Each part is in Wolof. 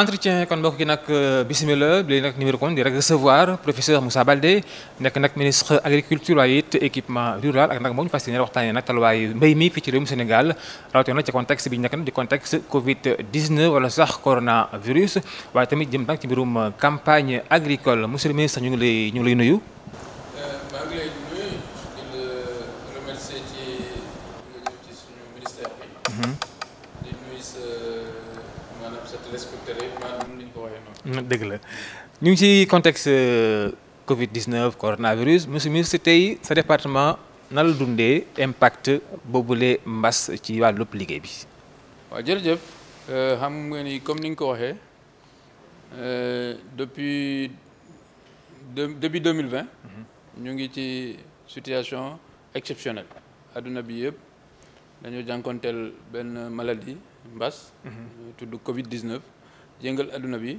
entretien kon mbokk euh, bismillah, numéro kon di professeur Moussa Baldé ministre agriculture l'Agriculture équipement rural ak nak ñu contexte bi contexte Covid 19 wala sax coronavirus tamit jëm ci campagne agricole monsieur le ministre ñu lay dëgg Nous ñu dans ci contexte euh, Covid 19 coronavirus monsieur le ministre tey département nan la l'impact impact boobule mbas ci wàllub liggéey bi. waaw jërëjëf euh, xam nga ni comme ni l'avons ko euh, depuis début 2020 ñu ngi une situation exceptionnelle avons bi yëpp dañoo jànkonteel benn maladie mbas. Mhm. tudd Covid 19 yëngal adduna bi.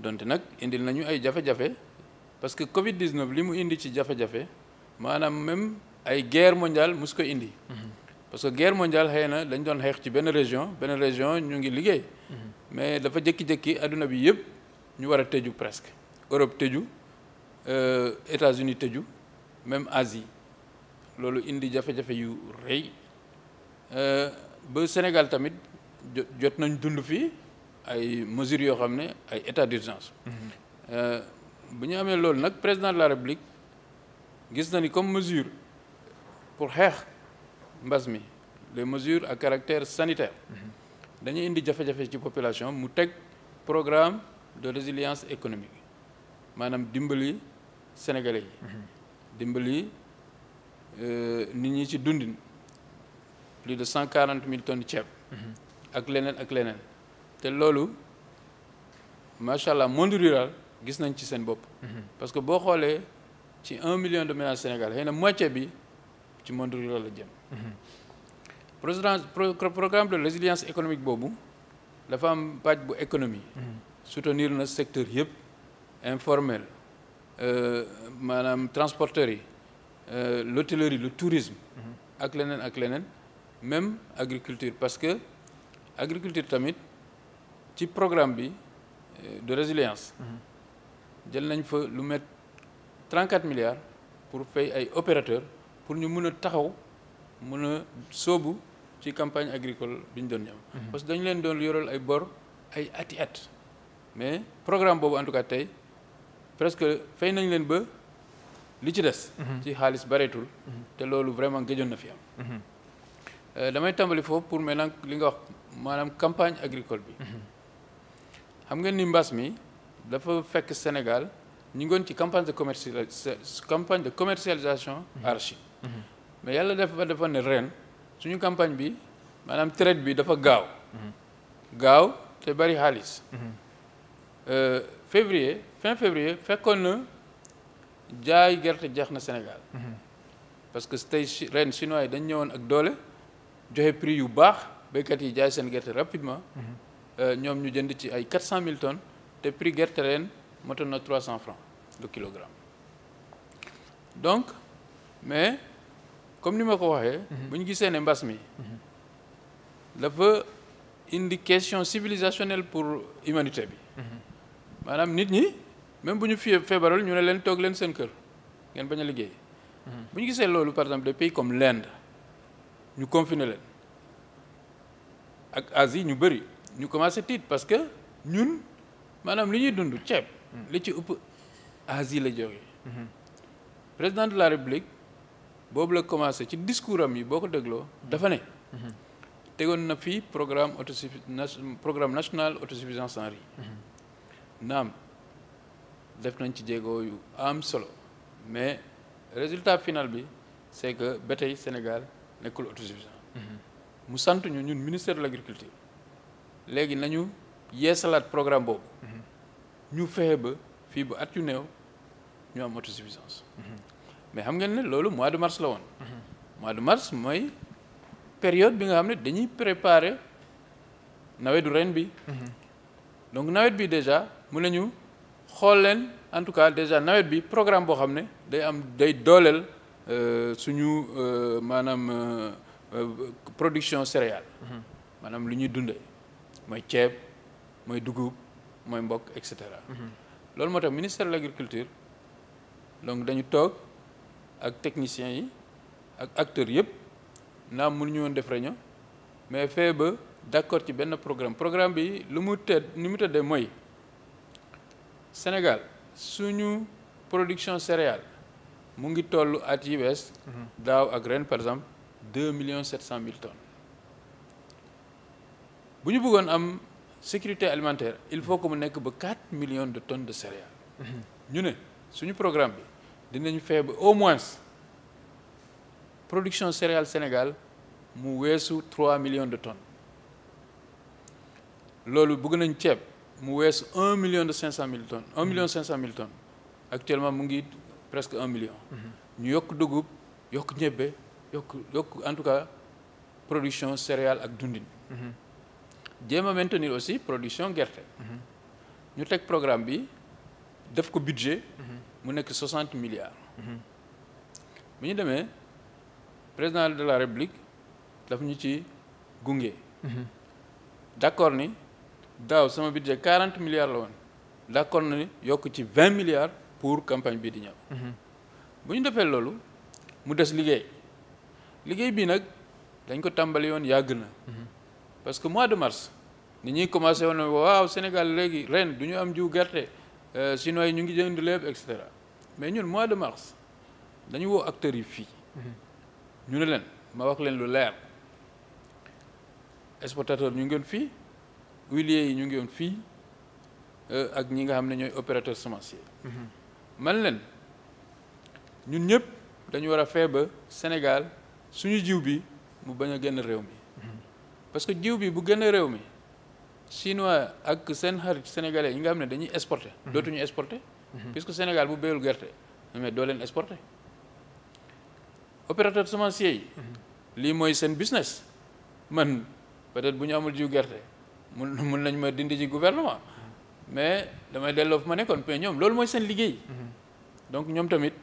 donte nak indi nañu ay jafé jafé parce que Covid 19 limu indi ci jafé jafé manam même ay guerre mondiale mus ko indi. Mhm. parce que guerre mondiale xëy na dañ doon xeex ci ben région ben région ñu ngi liggéey. Mhm. mais dafa jékki-jékki aduna bi yépp ñu wara a presque. Europe euh États-Unis tëju même Asie lolu indi jafé jafé yu euh ba Sénégal tamit jot nañ dund fi ay mesures de l'état d'urgence euh, bu ñu président de la république gis na ni comme mesure pour faire les mesures à caractère sanitaire dañuy indi jafe population mu un programme de résilience économique Madame dimbali sénégalais Dimboli, dimbali euh, nit ñi plus de 140 000 tonnes de ak ak te loolu macha monde rural gis nañ ci sen bop mhm. parce que vous xolé ci un million de ménages Sénégal xëy na moitié bi ci monde rural la jëm. Mhm. programme de résilience économique la la am page bu économie. Mhm. soutenir le secteur informel la euh, transporterie, euh, l'hôtellerie le tourisme. ak ak même agriculture parce que agriculture tamit ci programme bi euh, de résilience jël nañ fa lu met 34 milliards pour fay ay opérateurs pour ñu mëna taxaw mëna sobu ci campagne agricole bi ñu doon ñam mhm. parce que dañu leen doon yoral ay bor ay ati at mais programme bobu en tout cas tay presque fay nañ leen ba li ci dess mhm. ci xaliss bareetul mhm. té lolu vraiment géjoon na fi am euh, damay tambali foofu pour maintenant li nga wax manam campagne agricole bi Amgen ni mbas mi dafa Sénégal ñu une campagne de la campagne de commercialisation archi. mais yàlla dafa ne campagne bi maanaam traite bi dafa gau, gau te bari euh, février fin février fait jaay de na Sénégal parce que les ren chinois dañ ñëwoon ak doole joxe rapidement nous avons 400 000 tonnes Le prix de guerre de 300 francs le kilogramme donc mais comme nous ma croyons, nous avons ñu gisee ne mbas question civilisationnelle pour humanité bi. Mhm. maanaam nit ñi même si nous faisons des ñu nous leen des leen seen kër Nous avons a mhm. par exemple des pays comme l'Inde nous confiné leen ak Asie ñu bëri ñu commencé tiit parce que ñun manam li ñuy dund ceeb. Hmm. li ci upp Asie la Le hmm. président de la république bobu la commencé ci discours am yi de ko hmm. dafa né tégon na programme autosuffisance programme national autosuffisance en riz. Nous def nañ ci djégo yu am solo mais résultat final bi que le Sénégal pas autosuffisant. mu sant ñu ñun ministère de l'Agriculture. léegi nañu yeesalaat programme boobu mhm. ñu fexe ba fii ba at yu néew ñu am autosuffisance mhm. mais xam ngeen ne loolu mois de mars la woon mhm. mois de mars mooy période bi nga xam ne dañuy préparer nawetu ren bi donc nawet bi déjà mun nañu xool leen en tout cas déjà nawet bi programme boo xam ne day am day dooleel euh, suñu euh, maanaam euh, production céréale maanaam lu ñuy dundee moy ceeb mooy dugub mooy mbokk et cetera. Mhm. loolu moo tax ministère de l' agriculture donc dañu toog ak techniciens yi ak acteurs yëpp naam mënuñu woon def réunion mais fee ba d' accord ci benn programme programme bi lu mu tëdd ni mu tëddee mooy Sénégal suñu production céréale mu ngi toll at yi wees mhm. daaw ak ren par exemple deux millions sept cent mille tonnes. Si ñu am sécurité alimentaire il faut que nous ayons 4 millions de tonnes de céréales. Mhm. Nous, sur suñu programme Nous dinañu au moins production céréales Sénégal 3 millions de tonnes Ce bëgg nous avons mu 1 million de 500 000 tonnes 1 million 500 000 tonnes actuellement nous avons presque 1 million. Nous mhm. avons dugub ñebbe en tout cas production céréales ak jéem maintenir aussi production Nous avons un programme bi a budget. de 60 milliards. Nous demain, président de la république daf ñu ci d'accord ni budget 40 milliards la d'accord ni milliards pour campagne de di ce mu parce que mois de mars nous ñi commencé à waaw Sénégal légui ren du am jiw euh, chinois ñu ngi jënd etc. mais ñun mois de mars dañu wo acteurs yi mhm. ñu ne len ma wax len lu leer exportateur ñu ngi nous, des yi ñu ngi euh, ak ñi nga opérateur semencier. Mhm. man Sénégal suñu jiw bi mu parce que jiw bi bu gën a réew mi chinois ak seen xarit sénégalais yi nga xam ne dañuy exporté mhm. dootuñu exporté mhm. puisque Sénégal bu béyul gerte mais doo leen exporté opérateur semence yi mhm. lii mooy seen business man peut-être bu ñu amul jiw gerte mun mun nañ ma dindi ci gouvernement mais damay delloo fu ma nekkoon mais ñoom loolu mooy seen liggéey donc ñoom tamit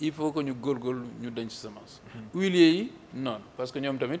il faut que ñu góor góor ñu ci semence huiliers yi noonu parce que ñoom tamit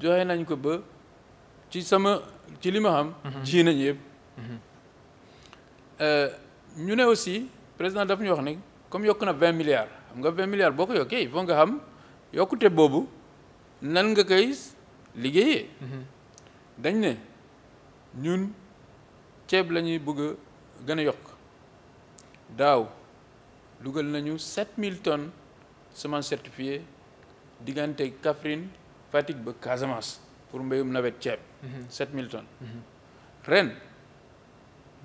joxe nañ ko ba ci sama ci li ma xam. Mhm. ji nañ yëpp. Mhm. Euh, ñu ne aussi président daf ñu wax ne comme yokk na vingt milliards am nga vingt milliards boo ko yokkee il faut nga xam yokkute boobu nan nga koy liggéeyee. Mhm. dañ ne ñun ceeb lañuy bëgg a gën a yokk daaw dugal nañu sept mille tonnes semence certifiée diggante Kaffrine. Fatick ba Casamance pour mbeyum nawet 7 7000 mhm. tonnes. Mhm. ren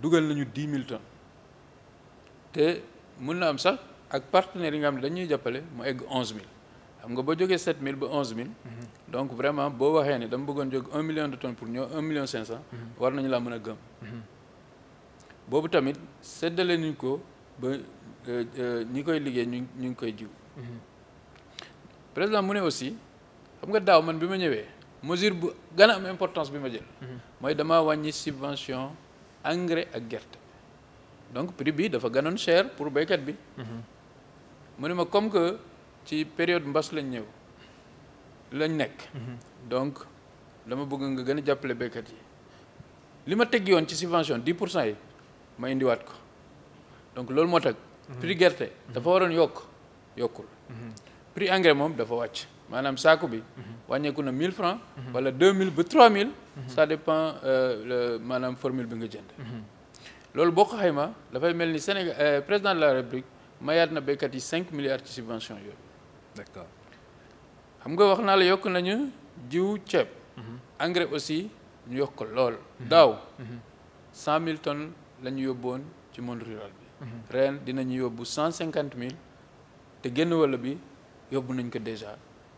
dougal nañu 10 000 tonnes té mun na am sax ak partenaires yi nga xam dañuy jappalé mo egg 11000 xam nga bo joggé 7000 ba 11000. Mhm. donc vraiment bo waxé né dama bëggone 1 million de tonnes pour nous, 1 million 500. war nañu Si vous avez gëm. boobu tamit séddale nañu ko ba euh, euh, ñi koy liggé ñu ngi koy jiw. président aussi xam nga daaw man bi ma ñëwee mesure bu gën a am importance bi ma jël. mooy dama wàññi subvention engrais ak gerte. donc prix bi dafa gënoon cher pour béykat bi. mu ne ma comme que ci période mbas lañ ñëw lañ nekk. donc dama bëgg nga gën a jàppale béykat yi. li ma teg yoon ci subvention 10 pour cent yi ma indiwaat ko donc loolu moo tax. prix gerte dafa waroon yokk yokkul. prix engrais moom dafa wàcc maanaam saaku bi wàññeeku na 1000 francs wala 2000 ba 3000 ça dépend euh, le, maanaam formule bi nga jënd loolu boo ko xayma dafay mel ni Sénégal euh, président de la République mayaat na béykat 5 milliards ci subvention d'accord xam nga wax naa la yokk nañu jiw ceeb mhm. engrais aussi ñu yokk ko lool mhm. daaw 100 mhm. 000 tonnes la ñu yóbboon ci monde rural bi ren dinañu yóbbu 150 000 te génn wàll bi yóbbu nañ ko déjà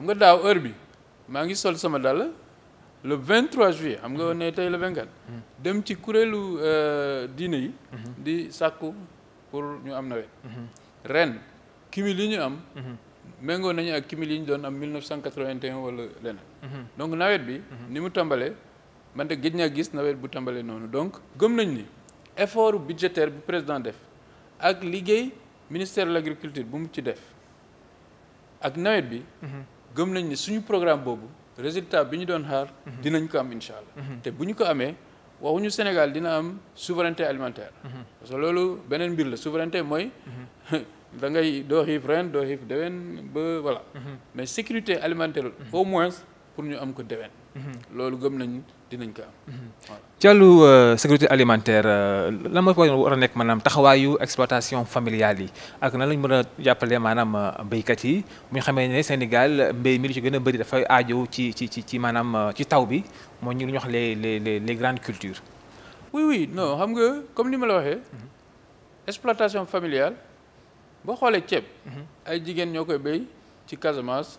Je suis le 23 juillet je nga le 24. Mm-hmm. dem ci kuréelu euh, yi. Mm-hmm. di sakku, pour nous am ren kimi li ñu am. Mm-hmm. ak 1981 donc nawet bi. ni mu man de gis donc effort budgétaire du président def ak ministère de l'Agriculture. agriculture def gëm nañ ne suñu programme boobu résultat bi ñu doon xaar. Mhm. dinañ ko am incha allah. Mhm. te bu ñu ko amee waxuñu Sénégal dina am souveraineté alimentaire. Mhm. parce que loolu beneen mbir la souveraineté mooy. da ngay doo xiif ren doo xiif dewen ba voilà. mais sécurité alimentaire au moins pour ñu am ko déwén. Mhm. lolu gëm nañ dinañ ko am. Mhm. ci wàllu euh, sécurité alimentaire euh, la mo war wara nek manam taxawayu exploitation familiale yi ak nan lañ mëna jappalé manam maanaam euh, béykat yi mu xamé né Sénégal mbéy mi ci gëna a bëri dafay aajo ci ci ci manam ci taw bi mo ñu lu wax les les les grandes cultures. oui oui non xam nga comme ni ma la waxé mhm. exploitation familiale bo xolé ciép ay jigen ñokoy koy ci Casamance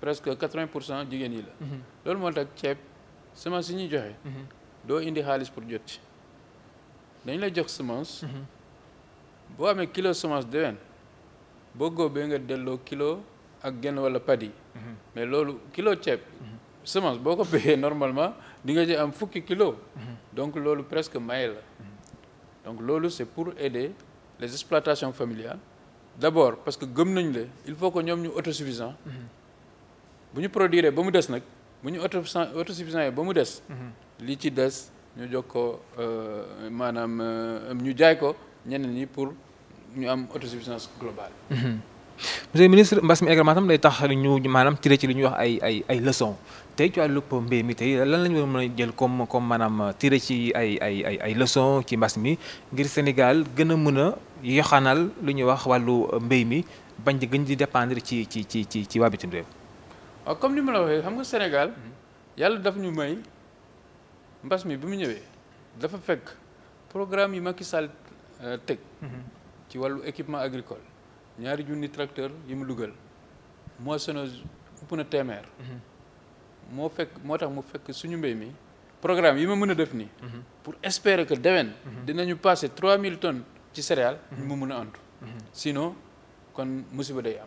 presque 80% du génie cent jigéen yi la. Mhm. loolu moo tax ceeb semence yi ñuy joxe. Mhm. indi halis pour jot ci dañ la jox semences kilos mhm. amee kilo semences. On boo góobee nga delloo kilo ak genn wala padi. mais loolu kilo ceeb. semence boko ko normalement di nga ci am kilo. donc c'est presque maye donc c'est pour aider les exploitations familiales d'abord parce que comme nous il faut que soit ñu autosuffisants. bu ñu produire ba mu des nag bu ñu auto autosuffisant yi ba mu des mhm. li ci des ñu jox ko euh, maanaam euh, ñu jaay ko ñeneen ñi pour ñu am autosuffisance globale mhm. monsieur le ministre mbas mi également tam day tax ñu maanaam tiré ci lu ñuy wax ay ay ay leçons tey ci wàllu mbéy mi tey lan la ñu war a mën a jël comme comme maanaam tiré ci ay ay ay ay leçons ci mbas mi ngir Sénégal gën a mën a yoxanal lu ñuy wax wàllu mbéy mi bañ di gën di dépendre ci ci ci ci ci waa bitim réew waaw ah, comme ni ma la waxee xam nga Sénégal yàlla daf ñu may mbas mi bi mu ñëwee dafa fekk programme yi Macky Sall euh, teg mhm. ci wàllu équipement agricole ñaari junni tracteur yi mu dugal moissonneuse ëpp na téeméer mhm. moo fekk moo tax mu fekk suñu mbéy mi programme yi ma mën def nii mhm. pour espérer que déwén dinañu passer trois mille tonnes ci céréales ñu mu mën a sinon kon musiba day am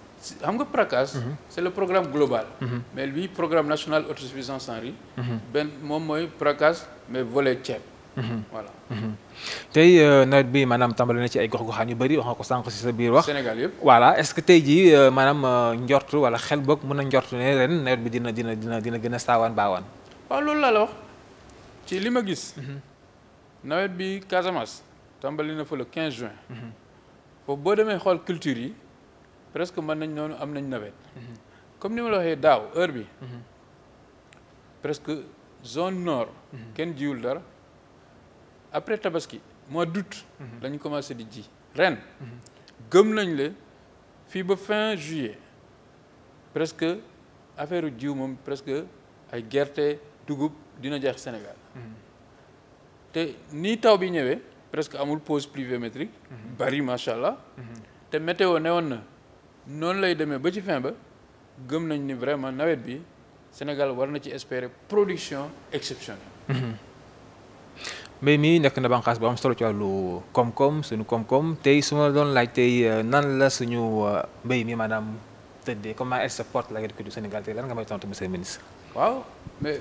Mhm. c'est le programme global. Mhm. mais lui programme national autosuffisance en riz. Mhm. Ben Prakas, mais volet voilà. Euh, bi na ci ay voilà est-ce que tay ji manam wala xel bok meuna bi dina dina dina dina la wax ci gis. le 15 juin. Pour bo xol culture presque maintenant, am comme ni ma la daw presque zone nord. après tabaski mois d'août. lañ commencé di ren. gëm nañ le fin juillet presque affaire diou mom presque ay gerte dugub dina Sénégal. te presque amul pause pluviométrique. Mhm. bari machallah mhm. te météo au noonu lay demee ba ci fin ba gëm nañ ni vraiment nawet bi Sénégal war na ci espérer production exceptionnelle. Mm-hmm. mbéy mi nekk na bànqaas bu am solo ci wàllu koom-koom suñu koom-koom tey su ma doon laaj tey euh, nan la suñu euh, mbéy mi maanaam tëddee comment elle se porte l'agriculture du Sénégal tey lan nga may tontu monsieur le ministre. waaw mais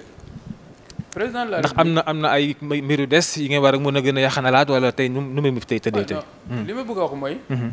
président de ndax am na am na ay mbiru des yi nga war a mën a gën a yaxanalaat wala tey nu nu muy tey tëddee tey. Mm. li ma bëgg a wax mooy. Mm-hmm.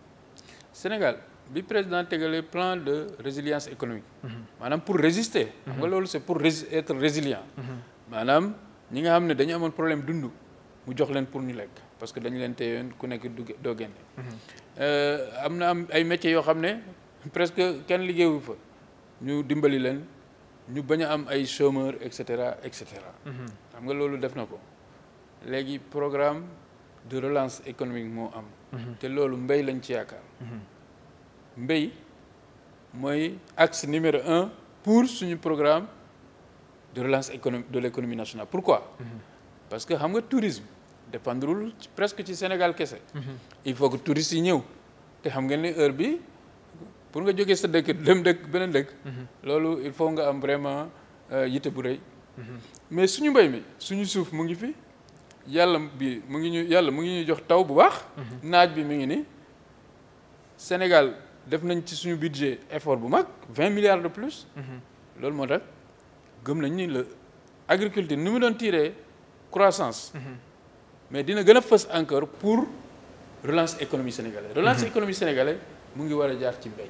Sénégal bi président un plan de résilience économique. Mhm. pour résister. Mhm. c'est pour être résilient. Mhm. Nous nous nga nous problème Nous pour nous parce que nous Nous des métiers Nous presque chômeurs etc. Nous programme de relance économique c'est ce que lañ ci yakar mhm. axe numéro un pour suñu programme de relance de l'économie nationale pourquoi mhm. parce que xam tourisme dépend presque ci Sénégal mhm. il faut que touristes ñëw xam heure bi pour nga joggé sa il faut nga am vraiment euh, bu mais suñu mbey mi suñu ngi yalla bi mu ngi ñu yalla mu ngi ñuy jox taw bu baax mhm. naaj bi mu ngi ni Sénégal def nañ ci suñu budget effort bu mag vingt milliards de plus mhm. loolu moo tax gëm nañ ni la agriculture ni mu doon tirer croissance mhm. mais dina gën a fës encore pour relance économie sénégalaise relance économie sénégalaise mu ngi war a jaar ci mbéy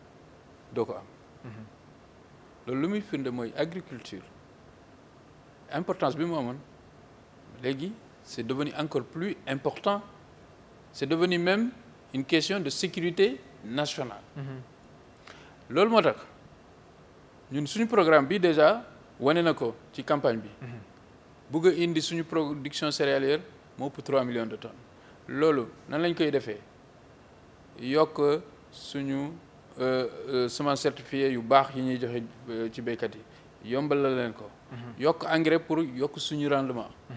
Donc, ce qui loolu l'agriculture. L'importance agriculture importance c'est devenu encore plus important c'est devenu même une question de sécurité nationale ce mhm. moo nous ñun suñu programme bi déjà wane campagne Si bëgg avons une production céréalière pour 3 millions de tonnes loolu nan lañ que nous avons fait. Euh, euh, semence certifiée yu baax yi ñuy joxe euh, ci béykat yi yombal la leen ko mhm. yok engrais pour yok suñu rendement mhm.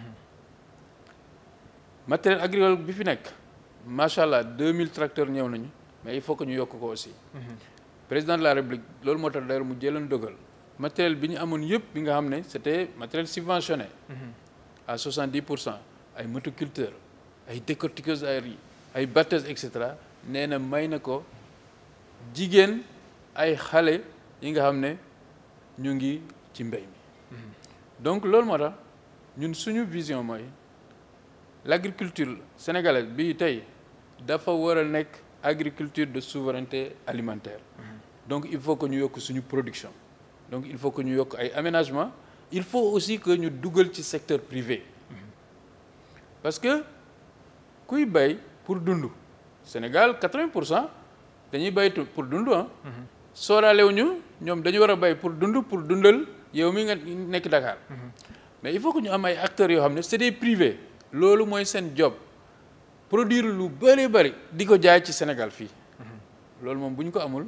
matériel agricole bi fi nek machallah 2000 tracteurs ñew nañu mais il faut que ñu yok ko aussi mhm. président de la république lool moo tax d'ailleurs mu jëlan dogal matériel bi ñu amone yépp bi nga xamné c'était matériel subventionné à 70 ay motoculteurs ay décortiqueuses aériennes ay batteuses etc. nee na may na ko jigen ay xalé yi nga xamné ñu ngi ci mbéy mi donc lool moo tax ñun vision l'agriculture sénégalaise bi tay dafa agriculture de souveraineté alimentaire donc il faut que ñu yok suñu production donc il faut que ñu yok ay aménagement il faut aussi que ñu doublions ci secteur privé parce que kuy bay pour Sénégal 80 dañuy bay pour dundu hein ah. sóoraale wu ñu ñoom dañu wara bay pour dundu pour dundal yow mi nga nek Dakar. mais il faut que ñu am ay acteur yo xamne c'est des privés loolu moy sen job produire lu bari bari diko jaay ci Sénégal fi loolu mom buñ ko amul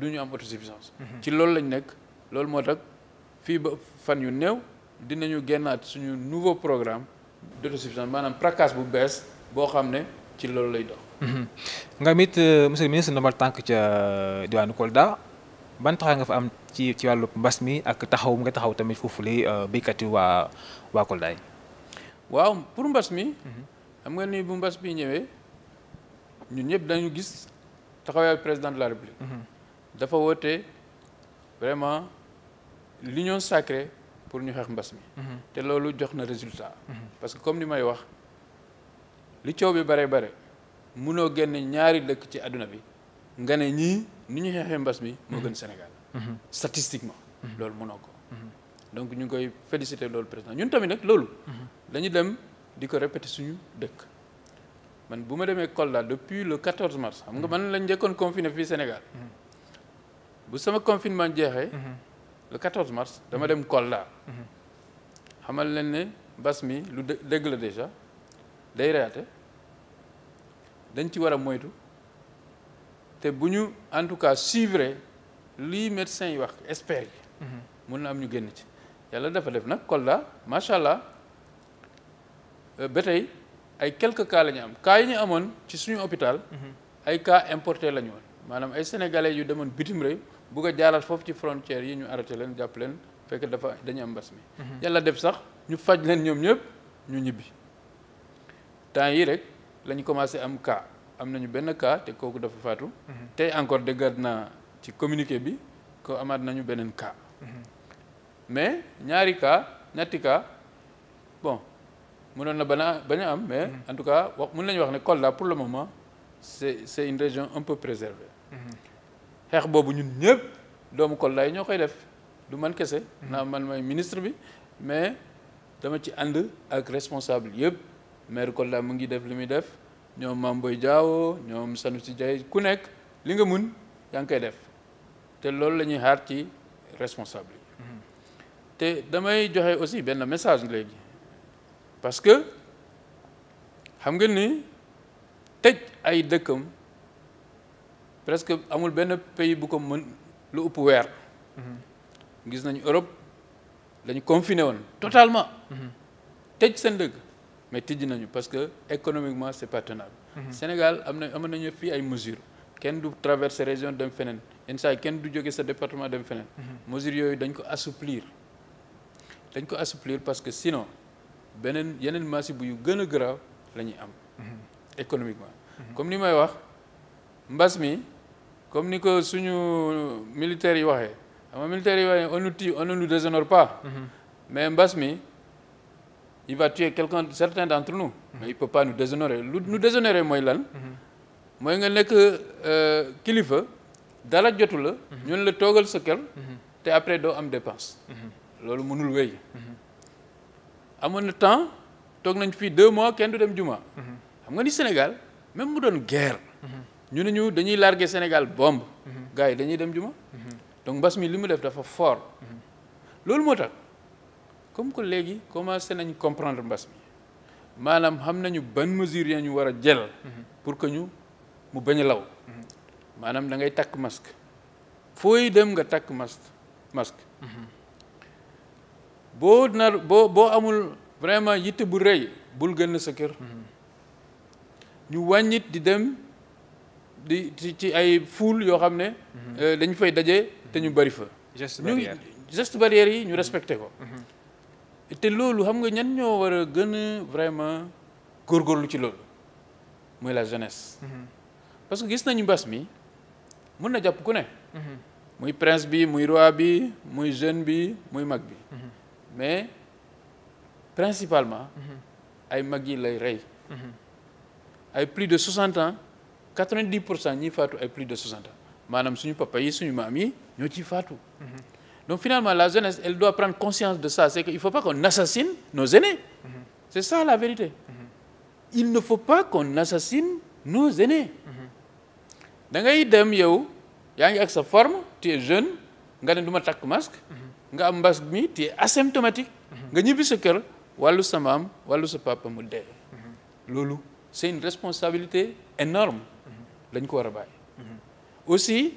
duñu am autosuffisance ci lolu lañ nek loolu moo fi ba fan yu new dinañu gennat suñu nouveau programme d'autosuffisance manam prakas bu bes bo xamne ci lolu lay dox Mm-hmm. nga mit eh, monsieur le ministre ndombal tànk ca eh, diwaanu Kolda ban taxaw nga fa am ci ci walu mbassmi ak taxaw nga taxaw tamit fofu eh, béykat yi wa wa Kolda yi. waaw pour mbassmi mi. Mm-hmm. xam nga ni bu mbass bi ñewé ñun ñep dañu gis taxawaayu président de la République. Mm-hmm. dafa woote vraiment l'union sacrée pour ñu xex mbas mi. te loolu jox na résultat. parce que comme ni may wax li ciow bi bare bare. munoo génn ñaari dëkk ci àdduna bi nga ne ñii ni ñu xeexee mbas mi moo gën mhm. Sénégal mhm. statistiquement mhm. loolu munoo ko donc ñu ngi koy féliciter loolu président ñun tamit nag loolu dañu dem di ko répéter suñu dëkk man bu ma demee Kolda depuis le 14 mars xam nga man lañ njëkkoon confiné fii Sénégal bu sama confinement jeexee le 14 mars dama dem Kolda xamal leen ne mbas mi lu dëgg la déjà day reyaate dañ ci war a moytu te bu ñu en tout cas suivre lii médecins yi wax experts yi. Mhm. mun na am ñu génn ci. yàlla dafa def nag Kolda macha allah euh, ba tey ay quelques cas la ñu am kaa yi ñu amoon ci suñu hôpital. Mhm. ay cas importés lañu ñu maanaam ay sénégalais yu demoon bitim réew bugg jaaral foofu ci frontière yi ñu arrêté leen jàpp leen fekk dafa dañu am mbas mi. Mhm. yàlla def sax ñu faj leen ñoom ñëpp ñu ñibbi temps yi rek. lañu commencé am cas am nañu benn cas té koku dafa faatu. té encore déggaat naa ci communiqué bi ko amaat nañu benen cas. mais ñaari cas ñetti cas bon mënoon na bana baña am mais mm-hmm. en tout cas wax mën nañu wax né Kolda pour le moment c'est c'est une région un peu préservée. Mm-hmm. xeex bobu ñun ñëpp doomu Kolda ñokay def du man kese. Mm-hmm. na man may ministre bi mais dama ci and ak responsable yëpp. maire Kolda mu ngi def li muy def ñoom Mame jaawoo Diao ñoom Sanoussi Diaye ku nekk li nga mun yaa ngi koy def te loolu la ñuy xaar ci responsable yi mhm. te damay joxe aussi benn message léegi parce que xam nga ni tëj ay dëkkam presque amul benn pays bu ko mën lu ëpp weer mhm. gis nañu Europe lañu confiné woon totalement tëj seen dëkk mais tijji nañu parce que économiquement c'est pas tenable. Mhm. Sénégal am na am nañu fii ay mesures kenn du traverser région dem feneen yenn saa du jóge sa département dem feneen. Mhm. mesures yooyu dañ ko assouplir dañ ko assouplir parce que sinon beneen y a bu yu gën a garaaw la am. Mhm. économiquement. comme ni may wax mbas comme ni ko suñu militaire, yi on ne nous on ne nous déshonore pas. mais mbas il va tuer quelqu'un certains d'entre nous mais il ne peut pas nous déshonorer nous déshonorer mooy lan mooy nga nekk euh, kilifa dara jotu le ñun la toogal ce kër te après doo am dépense loolu mënul À temps nous nañ fait deux mois kenn du dem juma xam ni Sénégal même mu guerre ñu ñu dañuy larguer Sénégal bombe gars yi dañuy dem juma donc je def fort Le comme que léegi commencé nañ comprendre mbas mi maanaam xam nañu ban mesurien ñu war a jël pour que ñu mu bañ a law maanaam da ngay takk masque fooy dem nga takk masque masque boo nar boo boo amul vraiment yitte bu rëy bul génn sa kër ñu wàññit di dem di ci ay foule yoo xam ne mhm. euh, dañ fay daje te ñu bari fa geste barrière yi ñu respecté ko mhm. Et lolu xam nga ñan ñoo wara a gën vraiment góorgóorlu ci lolu moy la jeunesse. Mhm. parce que gis nañu bass mi mën na jàpp ku ne. Mhm. muy prince bi muy roi bi muy jeune bi muy mag bi. Mhm. mais principalement. ay mag yi lay rey. ay plus de 60 ans 90 ñi faatu ay plus de 60 ans manam suñu papa yi suñu maam yi ñoo ci faatu. Donc finalement, la jeunesse, elle doit prendre conscience de ça. C'est qu'il ne faut pas qu'on assassine nos aînés. C'est ça la vérité. Il ne faut pas qu'on assassine nos aînés. da ngay dem yow yaa ak sa forme tu es jeune nga ne du masque. nga am un mi tu es asymptomatique. nga ñibbi sa kër wàllu sa maam sa papa modèle. dee. loolu c'est une responsabilité énorme dañ ko aussi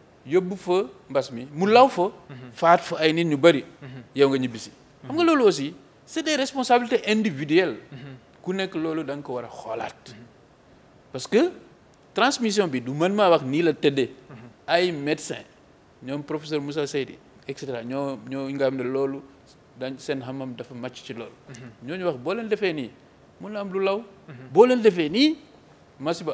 yóbbu basmi mbas mi aini law fa mhm. faat fa ay nit ñu bëri mhm. yow nga ñibbisi mhm. nga aussi c'est des responsabilités individuelles ku nekk loolu da ko parce que transmission bi du mën maa wax la tëddee ay médecin ñoom professeur Moussa Seydi etc cetera ñoo ñoo nga xam ne loolu dañ seen xam-xam dafa màcc ci loolu ñooñu wax leen masiba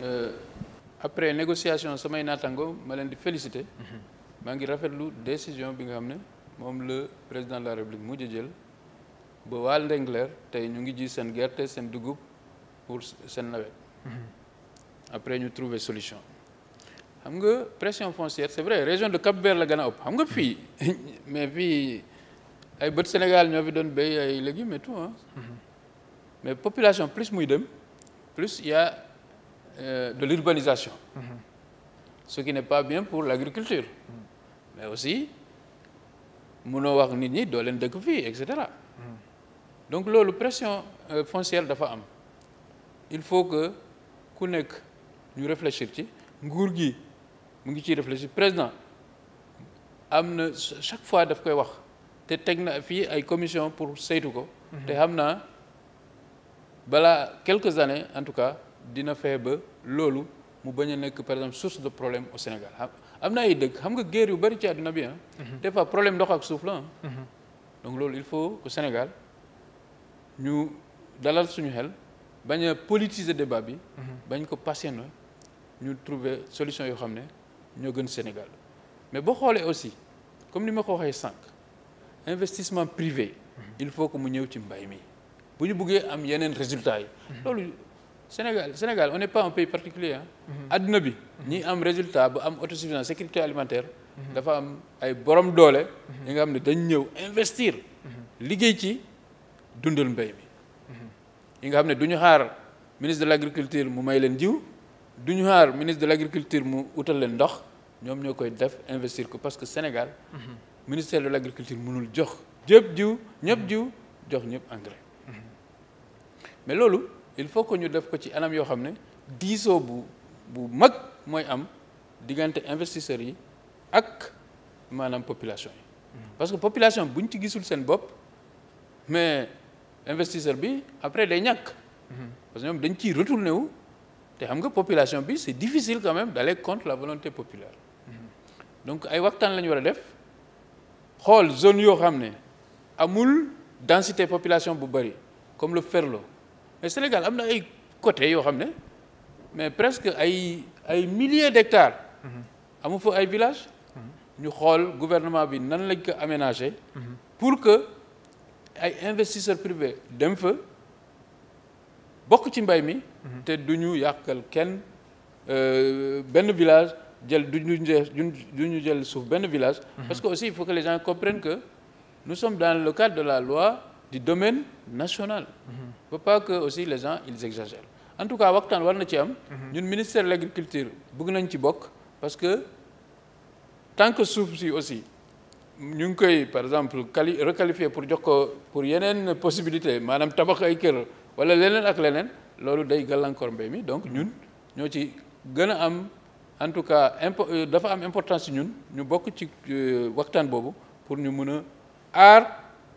Euh, après négociation samay natango ma len di félicité mhm. maa ngi rafetlu décision bi nga xamné mom le président de la république mujj jël ba wal Ndengler tay ñu ngi ji seen gerte sen dugub pour seen nawet. Mhm. après ñu trouver solution. xam nga pression foncière c'est vrai région de Cap-Vert la gën op xam nga fi mhm. mais fi ay bët Sénégal ñofi fi bay béy ay légumes et tout hein. mais population plus muy dem plus y a. Euh, de l'urbanisation, ce qui n'est pas bien pour l'agriculture. Mais aussi, nous wax nit que donc la pression euh, foncière dafa femme, il faut que nous nous réfléchir ci président chaque fois daf koy wax commission pour le mhm. quelques années en tout cas dina fexe ba loolu mu baña nek nekk par exemple source de problème au Sénégal amna na ay dëkk xam nga guerre yu bari ci àdduna bi ah. mhm. des fois problème dox ak souffle ah. mhm. donc lolu il faut au Sénégal ñu dalal suñu xel baña politiser débat bi. Mhm. bañ ko passionné ñu trouver solution yo xamné ne gën Sénégal mais bo xolé aussi comme ni ma ko waxee sank investissement privé. il faut que mu ñew ci mbay mi bu ñu buggee am yenen résultats yi Sénégal Sénégal on n'est pas un pays particulier ah. adduna bi mhm. ñi am résultat ba am autosuffisance sécurité alimentaire. Mhm. dafa am ay borom doole. yi nga xam ne dañ ñëw investir. liggéey ci dundal mbéy mi. yi nga xam ne du ñu ministre de l'agriculture agriculture mu may leen jiw ministre de l'agriculture agriculture mu utal leen ndox ñoom ñoo def investir ko parce que Sénégal. ministère de l'agriculture agriculture mënul jox. jëpp jiw ñëpp jiw jox ñëpp engrais. mais lolo il faut que ñu def ko ci anam yoo xam ne diisoo bu bu mag mooy am diggante investisseurs yi ak population hmm. parce que population bu ñu ci gisul seen bopp mais investisseur bi après a ñàkk. Hmm. parce que ñoom dañ ciy retourné wu te xam nga population bi c'est difficile quand même d'aller contre la volonté populaire. Hmm. donc ay waxtaan la ñu war a def xool zone yoo xam ne amul densité population bu comme le Ferlo mais Sénégal il y ay côté mais presque des milliers d'hectares. y mhm. a ay villages. Mhm. ñu le gouvernement bi nan aménager. Mhm. pour que les investisseurs privés dem feu de ci mbay mi. te là euh, ben village village. parce que aussi il faut que les gens comprennent que nous sommes dans le cadre de la loi du domaine national. Il mhm. ne faut pas que aussi les gens ils exagèrent. En tout cas waxtaan war ci mhm. ministère de l'Agriculture, agriculture parce que tant que nous aussi par exemple pour jox pour possibilité Mme tabax ay kër wala ak de donc mhm. nous, nous en tout cas euh, importance ñun euh, pour nous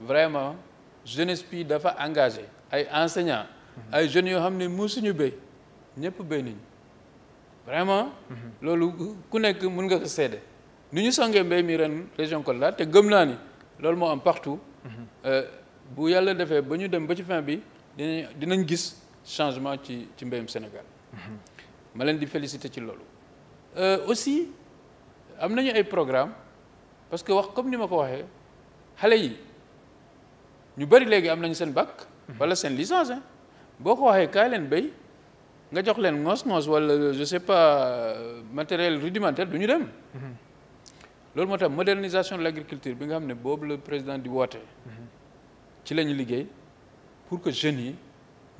vraiment jeunesse puis dafa engagé ay enseignants. ay jeunes yoo xam ne musuñu béy ñëpp béy nañu vraiment. loolu ku nekk mun nga ko seede. ni ñu songee mbéy mi ren région Kolda te gëm naa ni loolu am partout. Euh, bu yàlla defee ba ñu dem ba ci fin bi dinañ gis changement ci ci mbéyum Sénégal. ma leen di féliciter ci euh, aussi am nañu ay programme parce que wax comme ni ma ko waxee ñu bari léegi am nañu seen bac. wala seen licence hein boo ko waxee kaay leen béy nga jox leen ngoos-ngoos wala je sais pas euh, matériel rudimentaire du ñu dem. loolu moo tax modernisation de l' agriculture bi nga xam ne boobu président di woote. ci lañu ñu liggéey pour que jeunes yi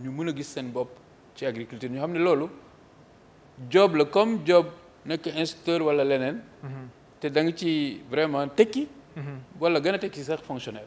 ñu mën a gis seen bopp ci agriculture ñu xam ne loolu job la comme job nekk instituteur wala leneen. Mhm. te da nga ci vraiment tekki. Mhm. wala gën a tekki sax fonctionnaire.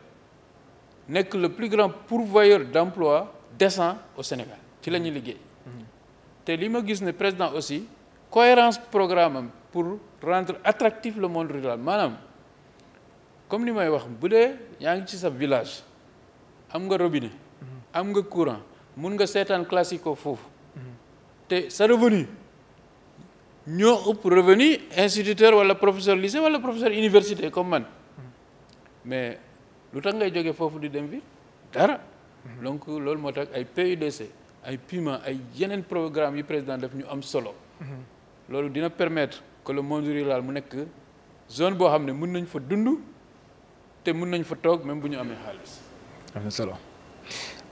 n'est que le plus grand pourvoyeur d'emplois descend décent au Sénégal ci lañu liggé. nous avons li ma gis né président aussi cohérence programme pour rendre attractif le monde rural Madame, comme ni may wax bu il y ngi ci sa village am nga robinet am nga courant mën nga sétane classico foofu té sa revenu ñoo pour revenu instituteur wala professeur lycée wala professeur université comme man mais lu ngay jógee fofu di dem ville dara donc loolu moo ay PUDC ay piment ay yenen programme yu président def ñu am solo loolu dina permettre que le monde rural mu nek zone bo xamné ne mën nañ fa dund te mën nañ fa tok même bu ñu amee xaalis solo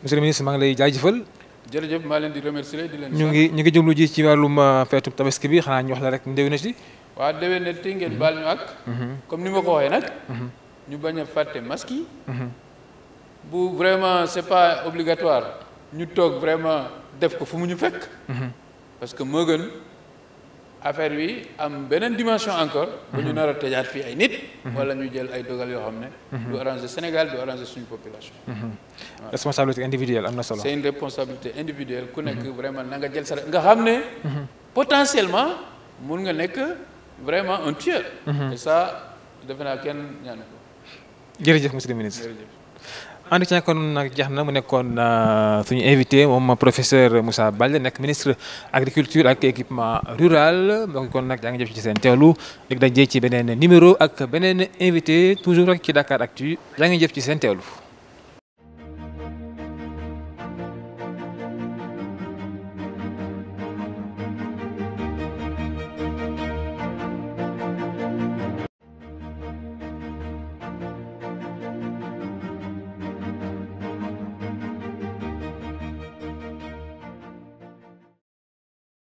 monsieur le ministre maa ngi lay jaajëfal jërëjëf ma leen di remercier di leen ñu ngi ñu ngi jublu ji ci walum euh, feetu tabaski bi xanaa ñu wax la rek dewe ne déwénati ngeen bal ñu ak mm-hmm. comme ni ma ko waxé nak mm-hmm. Nous ne pas pas masque bu vraiment pas obligatoire Nous vraiment def ko parce que mo fait affaire bi am dimension encore bu ñu ay nit wala ñu jël ay dogal Sénégal suñu population responsabilité individuelle c'est une responsabilité individuelle ku nekk vraiment nga jël potentiellement mun nga vraiment un tueur mhm. et ça jërëjëf monsieur le ministre. entretien kon nak jaxna mu nekkon euh, suñu invité mom professeur Moussa Baldé nekk ministre agriculture ak équipement rural donc kon nag yaa ngi jëf ci seen teewlu dig dajee ci benen numéro ak benen invité toujours ak ci Dakar Actu yaa ngi jëf ci sen téwlu